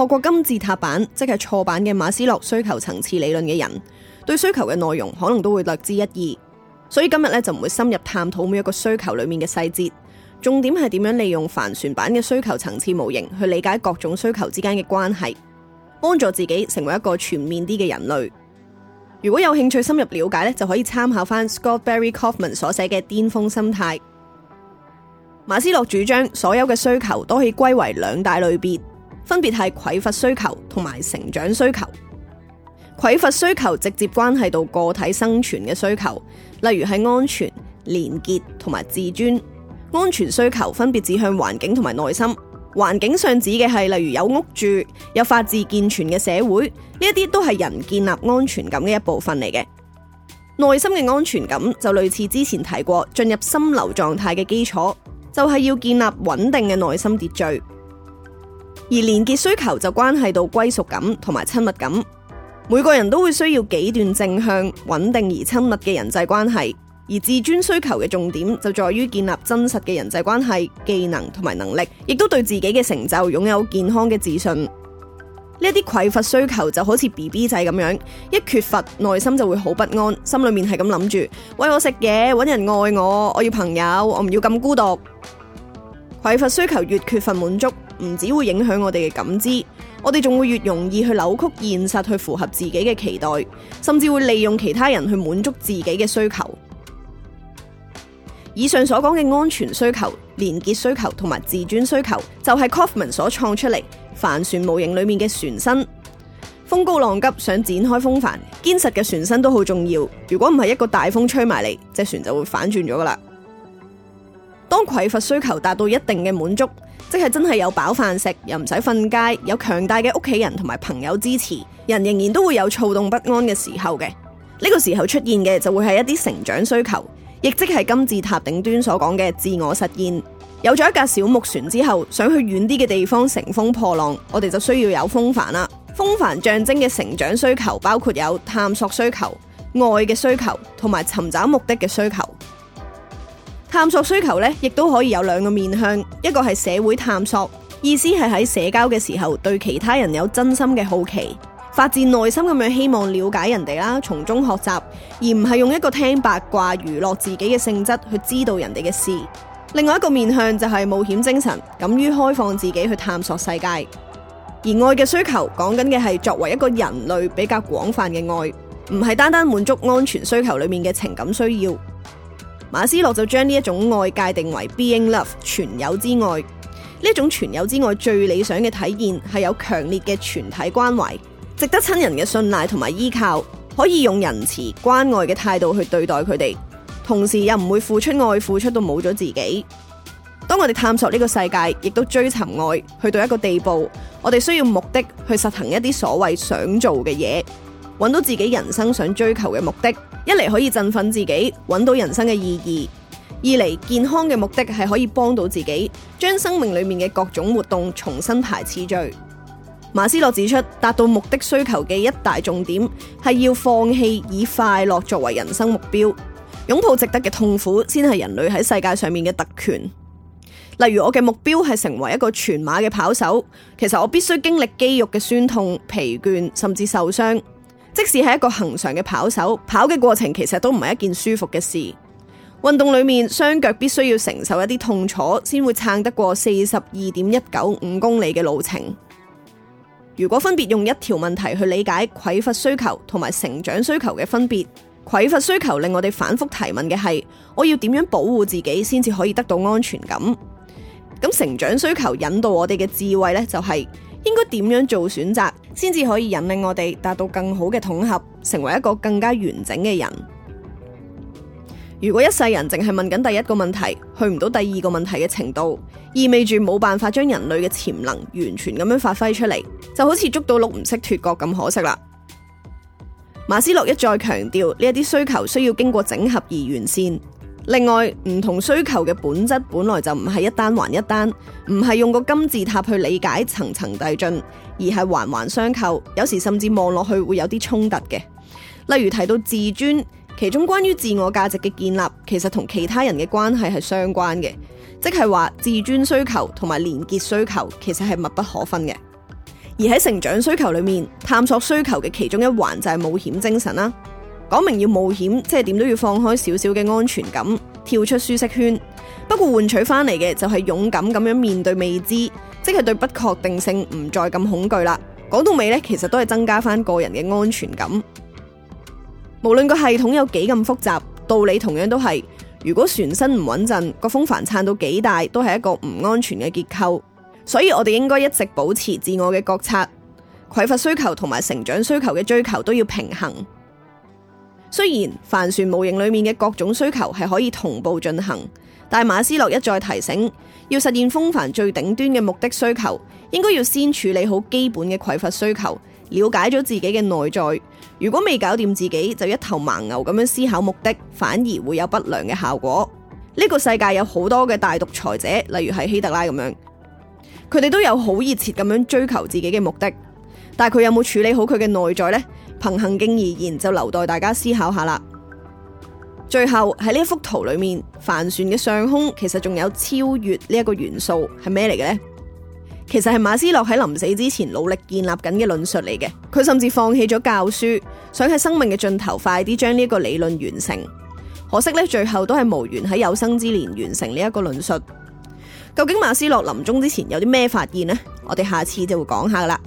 透過金字塔版，即係錯版嘅馬斯洛需求層次理論嘅人，對需求嘅內容可能都會略知一二。所以今日咧就唔會深入探討每一個需求裏面嘅細節，重點係點樣利用帆船版嘅需求層次模型去理解各種需求之間嘅關係，幫助自己成為一個全面啲嘅人類。如果有興趣深入了解咧，就可以參考翻 Scott Barry Kaufman 所寫嘅《巔峰心態》。馬斯洛主張所有嘅需求都可以歸為兩大類別。分別係匱乏需求同埋成長需求。匱乏需求直接關係到個體生存嘅需求，例如係安全、連結同埋自尊。安全需求分別指向環境同埋內心。環境上指嘅係例如有屋住、有法治健全嘅社會，呢一啲都係人建立安全感嘅一部分嚟嘅。內心嘅安全感就類似之前提過，進入心流狀態嘅基礎，就係要建立穩定嘅內心秩序。而連結需求就關係到歸屬感同埋親密感，每個人都會需要幾段正向、穩定而親密嘅人際關係。而自尊需求嘅重點就在於建立真實嘅人際關係技能同埋能力，亦都對自己嘅成就擁有健康嘅自信。呢啲匱乏需求就好似 BB 仔咁樣，一缺乏內心就會好不安，心裏面係咁諗住餵我食嘢，搵人愛我，我要朋友，我唔要咁孤獨。匱乏需求越缺乏滿足。唔只會影響我哋嘅感知，我哋仲會越容易去扭曲現實，去符合自己嘅期待，甚至會利用其他人去滿足自己嘅需求。以上所講嘅安全需求、連結需求同埋自尊需求，就係、是、Kaufman 所創出嚟帆船模型裏面嘅船身。風高浪急，想展開風帆，堅實嘅船身都好重要。如果唔係一個大風吹埋嚟，隻船就會反轉咗噶啦。當匱乏需求達到一定嘅滿足。即係真係有飽飯食，又唔使瞓街，有強大嘅屋企人同埋朋友支持，人仍然都會有躁動不安嘅時候嘅。呢個時候出現嘅就會係一啲成長需求，亦即係金字塔頂端所講嘅自我實現。有咗一架小木船之後，想去遠啲嘅地方乘風破浪，我哋就需要有風帆啦。風帆象徵嘅成長需求包括有探索需求、愛嘅需求同埋尋找目的嘅需求。探索需求呢，亦都可以有兩個面向，一個係社會探索，意思係喺社交嘅時候對其他人有真心嘅好奇，發自內心咁樣希望了解人哋啦，從中學習，而唔係用一個聽八卦、娛樂自己嘅性質去知道人哋嘅事。另外一個面向就係冒險精神，敢於開放自己去探索世界。而愛嘅需求講緊嘅係作為一個人類比較廣泛嘅愛，唔係單單滿足安全需求裏面嘅情感需要。馬斯洛就將呢一種愛界定為 Being Love 存有之愛。呢種存有之愛最理想嘅體現係有強烈嘅全體關懷，值得親人嘅信賴同埋依靠，可以用仁慈、關愛嘅態度去對待佢哋，同時又唔會付出愛付出到冇咗自己。當我哋探索呢個世界，亦都追尋愛，去到一個地步，我哋需要目的去實行一啲所謂想做嘅嘢，揾到自己人生想追求嘅目的。一嚟可以振奮自己，搵到人生嘅意義；二嚟健康嘅目的係可以幫到自己，將生命裏面嘅各種活動重新排次序。馬斯洛指出，達到目的需求嘅一大重點係要放棄以快樂作為人生目標，擁抱值得嘅痛苦先係人類喺世界上面嘅特權。例如，我嘅目標係成為一個全馬嘅跑手，其實我必須經歷肌肉嘅酸痛、疲倦，甚至受傷。即使係一個恒常嘅跑手，跑嘅過程其實都唔係一件舒服嘅事。運動裏面，雙腳必須要承受一啲痛楚，先會撐得過四十二點一九五公里嘅路程。如果分別用一條問題去理解匱乏乏需求同埋成長需求嘅分別，匱乏需求令我哋反覆提問嘅係：我要點樣保護自己先至可以得到安全感？咁成長需求引導我哋嘅智慧呢，就是，就係。應該點樣做選擇，先至可以引領我哋達到更好嘅統合，成為一個更加完整嘅人。如果一世人淨係問緊第一個問題，去唔到第二個問題嘅程度，意味住冇辦法將人類嘅潛能完全咁樣發揮出嚟，就好似捉到鹿唔識脫角咁，可惜啦。馬斯洛一再強調，呢一啲需求需要經過整合而完善。另外，唔同需求嘅本質本來就唔係一單還一單，唔係用個金字塔去理解層層遞進，而係環環相扣，有時甚至望落去會有啲衝突嘅。例如提到自尊，其中關於自我價值嘅建立，其實同其他人嘅關係係相關嘅，即係話自尊需求同埋連結需求其實係密不可分嘅。而喺成長需求裏面，探索需求嘅其中一環就係冒險精神啦。講明要冒險，即係點都要放開少少嘅安全感，跳出舒適圈。不過換取翻嚟嘅就係勇敢咁樣面對未知，即係對不確定性唔再咁恐懼啦。講到尾呢，其實都係增加翻個人嘅安全感。無論個系統有幾咁複雜，道理同樣都係。如果船身唔穩陣，個風帆撐到幾大都係一個唔安全嘅結構。所以我哋應該一直保持自我嘅覺察，匱乏需求同埋成長需求嘅追求都要平衡。雖然帆船模型裏面嘅各種需求係可以同步進行，但馬斯洛一再提醒，要實現風帆最頂端嘅目的需求，應該要先處理好基本嘅匱乏需求，了解咗自己嘅內在。如果未搞掂自己，就一頭盲牛咁樣思考目的，反而會有不良嘅效果。呢個世界有好多嘅大獨裁者，例如係希特拉咁樣，佢哋都有好熱切咁樣追求自己嘅目的，但佢有冇處理好佢嘅內在呢？憑行徑而言，就留待大家思考下啦。最後喺呢一幅圖裏面，帆船嘅上空其實仲有超越呢一個元素係咩嚟嘅呢？其實係馬斯洛喺臨死之前努力建立緊嘅論述嚟嘅。佢甚至放棄咗教書，想喺生命嘅盡頭快啲將呢一個理論完成。可惜咧，最後都係無緣喺有生之年完成呢一個論述。究竟馬斯洛臨終之前有啲咩發現呢？我哋下次就會講下啦。